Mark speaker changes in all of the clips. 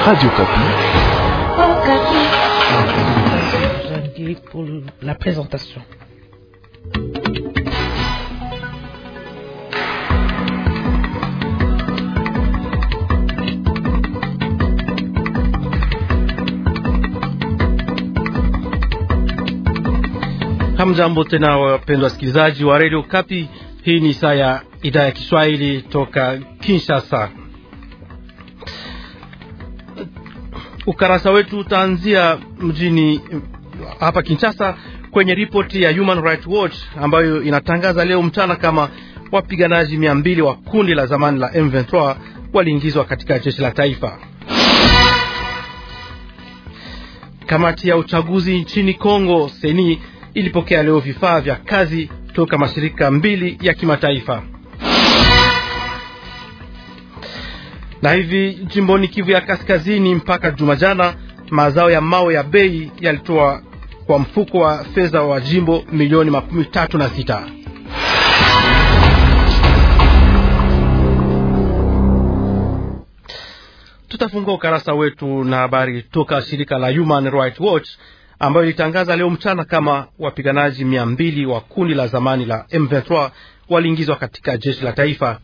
Speaker 1: Radio Kapi.
Speaker 2: Oh, pour la présentation.
Speaker 3: Hamjambo tena wapendwa wasikilizaji wa Radio Kapi. Hii ni saa ya idhaa ya Kiswahili toka Kinshasa. Ukarasa wetu utaanzia mjini eh, hapa Kinshasa kwenye ripoti ya Human Rights Watch ambayo inatangaza leo mchana kama wapiganaji mia mbili wa kundi la zamani la M23 waliingizwa katika jeshi la taifa. Kamati ya uchaguzi nchini Kongo Seni ilipokea leo vifaa vya kazi toka mashirika mbili ya kimataifa. Na hivi jimboni Kivu ya Kaskazini, mpaka Jumajana, mazao ya mawe ya bei yalitoa kwa mfuko wa fedha wa jimbo milioni makumi tatu na sita. Tutafungua ukarasa wetu na habari toka shirika la Human Rights Watch ambayo ilitangaza leo mchana kama wapiganaji mia mbili wa kundi la zamani la M23 waliingizwa katika jeshi la taifa.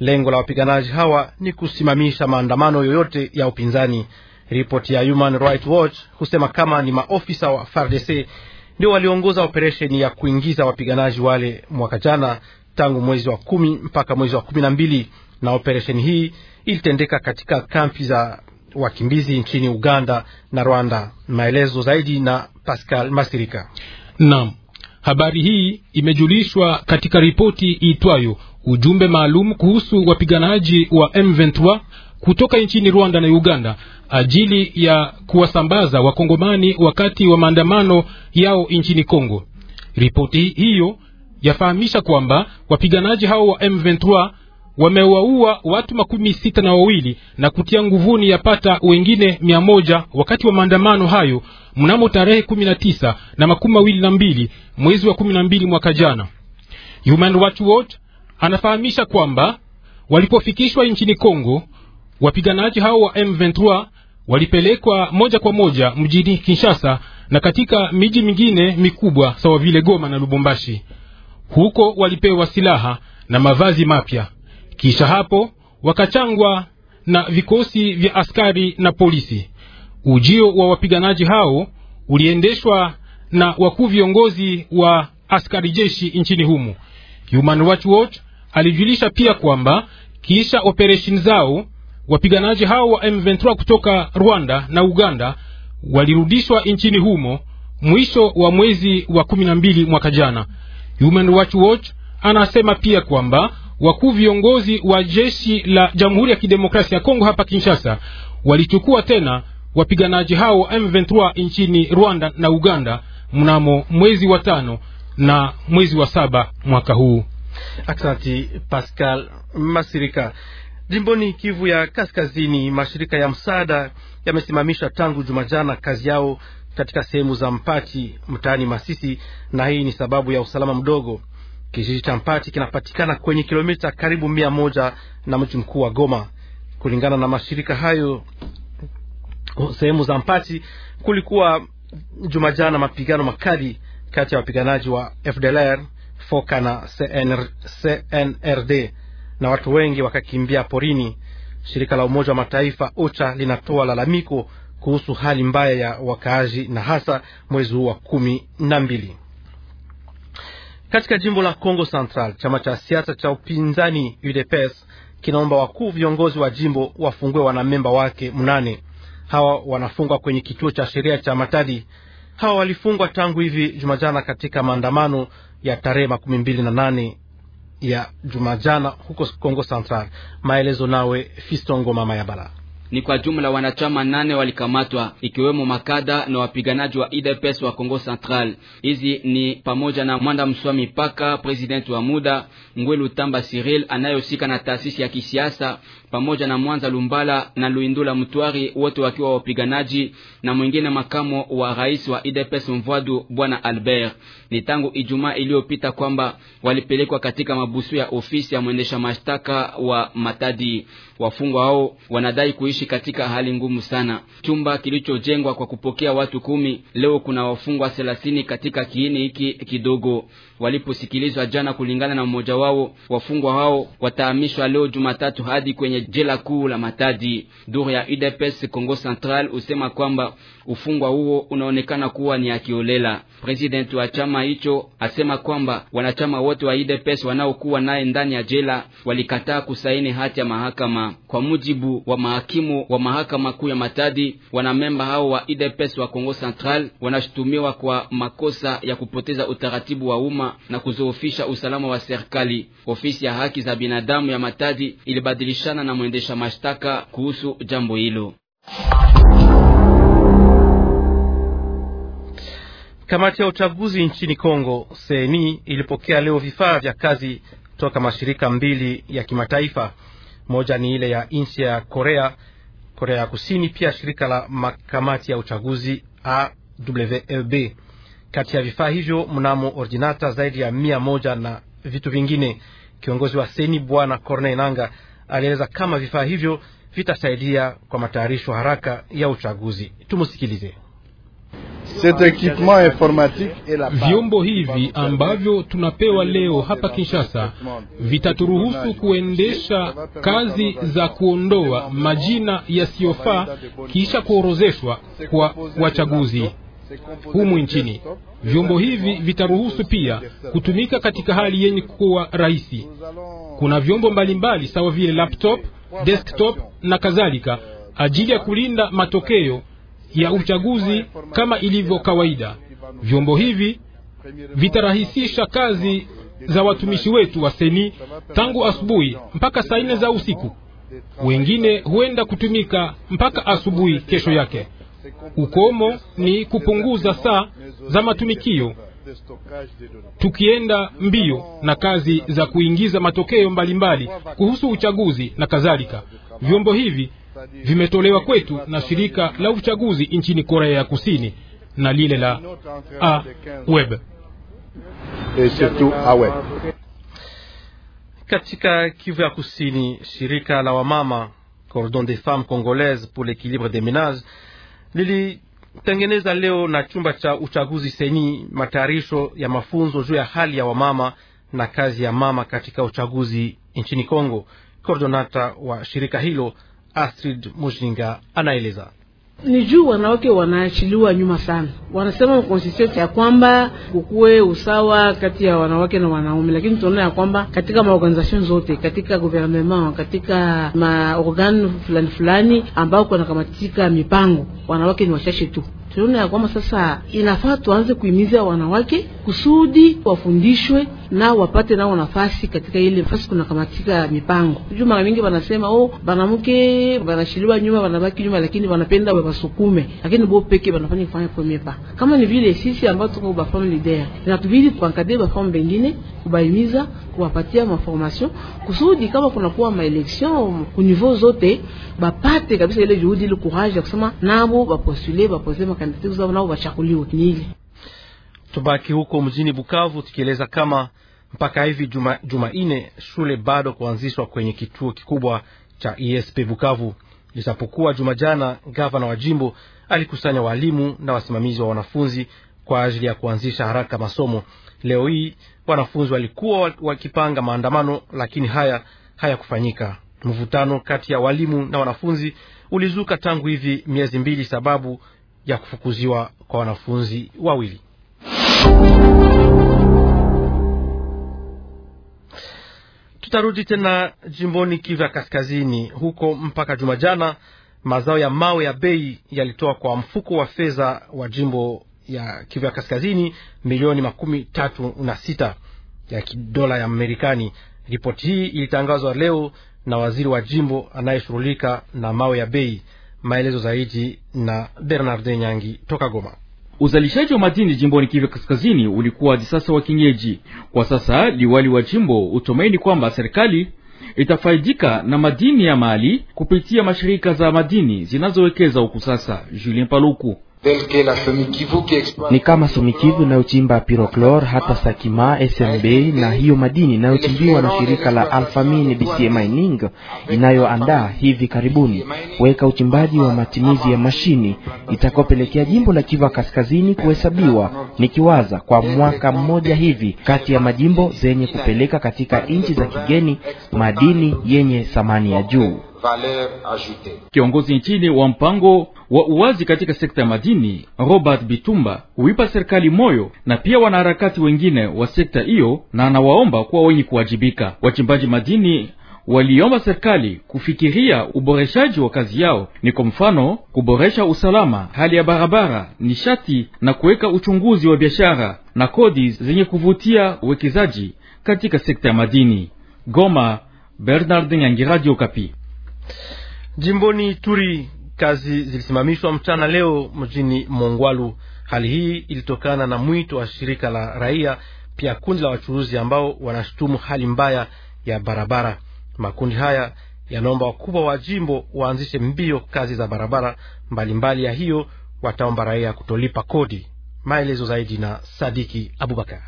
Speaker 3: Lengo la wapiganaji hawa ni kusimamisha maandamano yoyote ya upinzani. Ripoti ya Human Rights Watch husema kama ni maofisa wa FARDC ndio waliongoza operesheni ya kuingiza wapiganaji wale mwaka jana tangu mwezi wa kumi mpaka mwezi wa kumi na mbili na operesheni hii ilitendeka katika kampi za wakimbizi nchini Uganda na Rwanda. Maelezo zaidi na Pascal Masirika.
Speaker 1: Naam, habari hii imejulishwa katika ripoti iitwayo ujumbe maalum kuhusu wapiganaji wa M23 kutoka nchini Rwanda na Uganda ajili ya kuwasambaza wakongomani wakati wa maandamano yao nchini Kongo. Ripoti hiyo yafahamisha kwamba wapiganaji hao wa M23 wamewaua watu makumi sita na wawili na kutia nguvuni yapata wengine mia moja wakati wa maandamano hayo mnamo tarehe kumi na tisa na makumi mawili na mbili mwezi wa kumi na mbili mwaka jana. Human Rights Watch anafahamisha kwamba walipofikishwa nchini Kongo, wapiganaji hao wa M23 walipelekwa moja kwa moja mjini Kinshasa na katika miji mingine mikubwa sawa vile Goma na Lubumbashi. Huko walipewa silaha na mavazi mapya, kisha hapo wakachangwa na vikosi vya askari na polisi. Ujio wa wapiganaji hao uliendeshwa na wakuu viongozi wa askari jeshi nchini humo. Human Rights Watch Alijulisha pia kwamba kisha operesheni zao wapiganaji hao wa M23 kutoka Rwanda na Uganda walirudishwa nchini humo mwisho wa mwezi wa 12 mwaka jana. Human Rights Watch anasema pia kwamba wakuu viongozi wa jeshi la Jamhuri ya Kidemokrasia ya Kongo hapa Kinshasa walichukua tena wapiganaji hao wa M23 nchini Rwanda na Uganda mnamo mwezi wa tano na mwezi wa saba mwaka huu. Aksanti Pascal Masirika. Jimboni Kivu ya Kaskazini,
Speaker 3: mashirika ya msaada yamesimamisha tangu Jumajana kazi yao katika sehemu za Mpati mtaani Masisi, na hii ni sababu ya usalama mdogo. Kijiji cha Mpati kinapatikana kwenye kilomita karibu mia moja na mji mkuu wa Goma. Kulingana na mashirika hayo, sehemu za Mpati kulikuwa Jumajana mapigano makali kati ya wapiganaji wa FDLR foka na CNR, CNRD na watu wengi wakakimbia porini. Shirika la Umoja wa Mataifa OCHA linatoa lalamiko kuhusu hali mbaya ya wakaaji na hasa mwezi huu wa kumi na mbili katika jimbo la Congo Central. Chama cha siasa cha upinzani UDPS kinaomba wakuu viongozi wa jimbo wafungue wanamemba wake mnane. Hawa wanafungwa kwenye kituo cha sheria cha Matadi. Hawa walifungwa tangu hivi Jumajana katika maandamano ya tarehe makumi mbili na nane ya jumajana huko Kongo Central. Maelezo nawe Fistongo Mama Yabala
Speaker 4: ni kwa jumla wanachama nane walikamatwa ikiwemo makada na wapiganaji wa UDPS wa Kongo Central. Hizi ni pamoja na Mwanda Mswa Mipaka, presidenti wa muda, Ngwelu Tamba Cyril anayehusika na taasisi ya kisiasa, pamoja na Mwanza Lumbala na Luindula Mtwari, wote wakiwa wapiganaji, na mwingine makamo wa rais wa UDPS Mvwadu, bwana Albert. Ni tangu Ijumaa iliyopita kwamba walipelekwa katika mabusu ya ofisi ya mwendesha mashtaka wa Matadi. Wafungwa hao wanadai kuishi wanaishi katika hali ngumu sana. Chumba kilichojengwa kwa kupokea watu kumi leo kuna wafungwa thelathini katika kiini hiki kidogo. Waliposikilizwa jana, kulingana na mmoja wao, wafungwa hao watahamishwa leo Jumatatu hadi kwenye jela kuu la Matadi. Duru ya UDPS e e Congo Central husema kwamba ufungwa huo unaonekana kuwa ni akiolela. presidenti wa chama hicho asema kwamba wanachama wote wa UDPS e wanaokuwa naye ndani ya jela walikataa kusaini hati ya mahakama. Kwa mujibu wa mahakimu mfumo wa mahakama kuu ya Matadi. Wanamemba hao wa UDPS wa Kongo Central wanashutumiwa kwa makosa ya kupoteza utaratibu wa umma na kuzoofisha usalama wa serikali. Ofisi ya haki za binadamu ya Matadi ilibadilishana na mwendesha mashtaka kuhusu jambo hilo.
Speaker 3: Kamati ya uchaguzi nchini Kongo seni ilipokea leo vifaa vya kazi toka mashirika mbili ya kimataifa. Moja ni ile ya nchi ya Korea Korea ya Kusini, pia shirika la makamati ya uchaguzi AWEB. Kati ya vifaa hivyo mnamo ordinata zaidi ya mia moja na vitu vingine. Kiongozi wa seni Bwana Corneille Nanga alieleza kama vifaa hivyo vitasaidia kwa matayarisho haraka ya uchaguzi. Tumusikilize.
Speaker 1: Vyombo hivi ambavyo tunapewa leo hapa Kinshasa vitaturuhusu kuendesha kazi za kuondoa majina yasiyofaa kisha kuorozeshwa kwa wachaguzi humu nchini. Vyombo hivi vitaruhusu pia kutumika katika hali yenye kuwa rahisi. Kuna vyombo mbalimbali sawa vile laptop, desktop na kadhalika ajili ya kulinda matokeo ya uchaguzi kama ilivyo kawaida. Vyombo hivi vitarahisisha kazi za watumishi wetu wa seni tangu asubuhi mpaka saa nne za usiku. Wengine huenda kutumika mpaka asubuhi kesho yake. Ukomo ni kupunguza saa za matumikio, tukienda mbio na kazi za kuingiza matokeo mbalimbali mbali kuhusu uchaguzi na kadhalika. Vyombo hivi vimetolewa kwetu na shirika la uchaguzi nchini Korea ya Kusini na lile la a web
Speaker 3: katika Kivu ya Kusini. Shirika la wamama Cordon des Femmes congolaise pour l'Equilibre des Menages lilitengeneza leo na chumba cha uchaguzi seni matayarisho ya mafunzo juu ya hali ya wamama na kazi ya mama katika uchaguzi nchini congo cordonata wa shirika hilo Astrid Mujinga anaeleza.
Speaker 4: Ni juu wanawake wanaachiliwa nyuma sana. Wanasema constitution ya kwamba kukuwe usawa kati ya wanawake na wanaume, lakini tunaona ya kwamba katika maorganization zote, katika gouvernement, katika maorgan fulani fulani ambao kunakamatika mipango, wanawake ni wachache tu. Tunaona ya kwamba sasa inafaa tuanze kuhimiza wanawake kusudi wafundishwe na wapate nao nafasi katika ile nafasi kuna kamatika mipango juu. Mara mingi wanasema oh, banamuke banashiliwa nyuma, banabaki nyuma, lakini wanapenda wasukume, lakini bo peke banafanya kufanya premier pas. Kama ni vile sisi ambao tuko ba femme leader, inatubidi tuankadre ba femme bengine, kubaimiza, kuwapatia maformation kusudi kama kuna kunakuwa maelection ku niveau zote bapate kabisa ile juhudi, ile courage ya kusema nabo bapostule, bapose makandidature zao, nao bachakuliwe. Nili
Speaker 3: Tubaki huko mjini Bukavu tukieleza kama mpaka hivi Jumanne juma shule bado kuanzishwa kwenye kituo kikubwa cha ESP Bukavu, lisapokuwa juma jana gavana wa jimbo alikusanya walimu na wasimamizi wa wanafunzi kwa ajili ya kuanzisha haraka masomo. Leo hii wanafunzi walikuwa wakipanga maandamano, lakini haya hayakufanyika. Mvutano kati ya walimu na wanafunzi ulizuka tangu hivi miezi mbili sababu ya kufukuziwa kwa wanafunzi wawili. Tutarudi tena jimboni Kivu ya Kaskazini. Huko mpaka juma jana, mazao ya mawe ya bei yalitoa kwa mfuko wa fedha wa jimbo ya Kivu ya Kaskazini milioni makumi tatu na sita ya dola ya Marekani. Ripoti hii ilitangazwa leo na waziri wa jimbo anayeshughulika na mawe ya bei. Maelezo zaidi na Bernard Nyangi toka Goma.
Speaker 1: Uzalishaji wa madini
Speaker 3: jimboni Kivu Kaskazini ulikuwa hadi sasa wa kienyeji. Kwa sasa liwali wa jimbo utumaini
Speaker 1: kwamba serikali itafaidika na madini ya mali kupitia mashirika za madini zinazowekeza huku sasa. Julien Paluku ni kama
Speaker 2: Somikivu inayochimba Piroclor hata Sakima SMB na hiyo madini inayochimbiwa na shirika la Alphamine BCA Mining inayoandaa hivi karibuni kuweka uchimbaji wa matumizi ya mashini itakopelekea jimbo la Kivu Kaskazini kuhesabiwa nikiwaza kwa mwaka mmoja hivi kati ya majimbo zenye kupeleka katika nchi za kigeni
Speaker 3: madini yenye thamani ya juu
Speaker 1: valeur ajoutée. Kiongozi
Speaker 3: nchini wa mpango wa uwazi katika sekta ya madini Robert Bitumba huipa serikali moyo na pia wanaharakati wengine wa sekta hiyo, na anawaomba kuwa wenye kuwajibika.
Speaker 1: Wachimbaji madini waliomba serikali kufikiria uboreshaji wa kazi yao, ni kwa mfano kuboresha usalama, hali ya barabara, nishati na kuweka uchunguzi
Speaker 3: wa biashara na kodi zenye kuvutia uwekezaji katika sekta ya madini. Goma, Bernard Nyangi, Radio Kapi. Jimboni Ituri kazi zilisimamishwa mchana leo mjini Mongwalu. Hali hii ilitokana na mwito wa shirika la raia, pia kundi la wachuruzi ambao wanashutumu hali mbaya ya barabara. Makundi haya yanaomba wakubwa wa jimbo waanzishe mbio kazi za barabara mbalimbali mbali, ya hiyo wataomba raia kutolipa kodi. Maelezo zaidi na Sadiki Abubakar.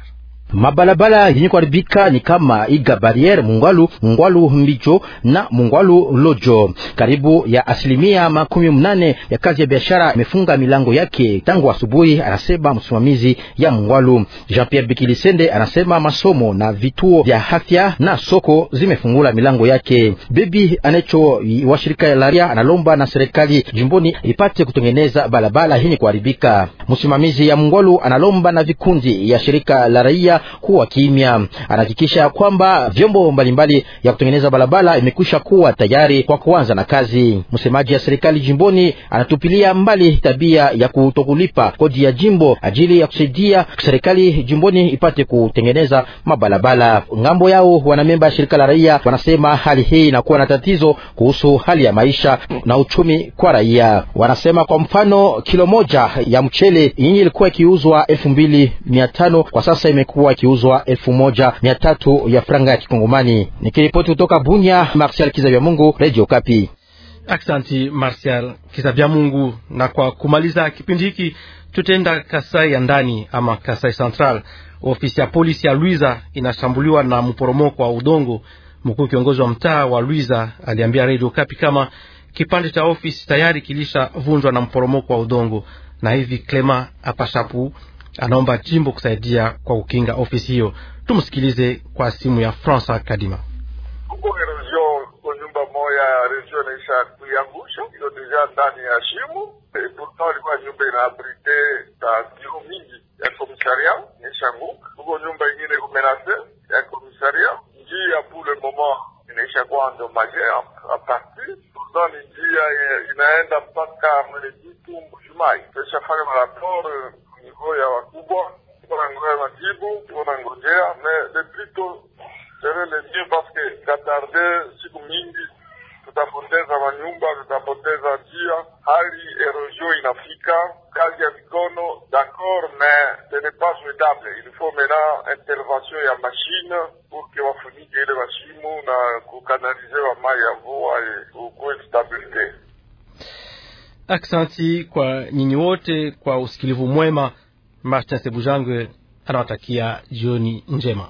Speaker 2: Mabalabala yenye kuharibika ni kama iga barriere Mungwalu, Mungwalu Mbijo na Mungwalu Lojo. Karibu ya asilimia makumi mnane ya kazi ya biashara imefunga milango yake tangu asubuhi, anasema msimamizi ya Mungwalu Jean Pierre Bikilisende. Anasema masomo na vituo vya afya na soko zimefungula milango yake. Bebi Anecho wa shirika ya Laria analomba na serikali jimboni ipate kutengeneza balabala yenye kuharibika. Msimamizi ya Mungwalu analomba na vikundi ya shirika la raia kuendelea kuwa kimya. Anahakikisha kwamba vyombo mbalimbali ya kutengeneza barabara imekwisha kuwa tayari kwa kuanza na kazi. Msemaji ya serikali jimboni anatupilia mbali tabia ya kutokulipa kodi ya jimbo ajili ya kusaidia serikali jimboni ipate kutengeneza mabalabala. Ngambo yao wanamemba ya shirika la raia wanasema hali hii inakuwa na tatizo kuhusu hali ya maisha na uchumi kwa raia. Wanasema kwa mfano, kilo moja ya mchele yenye ilikuwa ikiuzwa elfu mbili mia tano kwa sasa imekuwa alikuwa akiuzwa elfu moja mia tatu ya franga ya Kikongomani. Nikiripoti kutoka Bunya, Martial Kizabia Mungu, Radio Kapi.
Speaker 3: Aksanti Martial Kizabia Mungu. Na kwa kumaliza kipindi hiki, tutaenda Kasai ya ndani ama Kasai Central. Ofisi ya polisi ya Luiza inashambuliwa na mporomoko wa udongo. Mkuu kiongozi wa mtaa wa Luiza aliambia Radio Kapi kama kipande cha ofisi tayari kilishavunjwa na mporomoko wa udongo, na hivi Clema Apashapu anaomba jimbo kusaidia kwa kukinga ofisi hiyo. Tumsikilize kwa simu ya Fransa Kadima.
Speaker 4: Region inaisha kuiangusha hiyo deja ndani ya e pourtant, ilikuwa nyumba inaabrite za biro mingi ya komisaria inaishanguka, huko nyumba ingine kumenase ya komisaria. Njia pour le moment inaisha kuwa endommage a partir, pourtant ni njia inaenda mpaka Mweneditu Mbujumai, tuishafanya maraport roho ya wakubwa, tunangoya majibu, tunangojea mais le plus tôt serait le mieux, parce que katarde siku mingi tutapoteza manyumba, tutapoteza njia, hali erosion inafika, kazi ya mikono d'accord, mais ce n'est pas souhaitable. Il faut maintenant intervention ya machine pour que wafunike ile mashimo na kukanalizewa mai ya mvua ukuwe stabilite.
Speaker 3: Aksanti kwa nyinyi wote kwa usikilivu mwema. Martin Sebujangwe anawatakia jioni njema.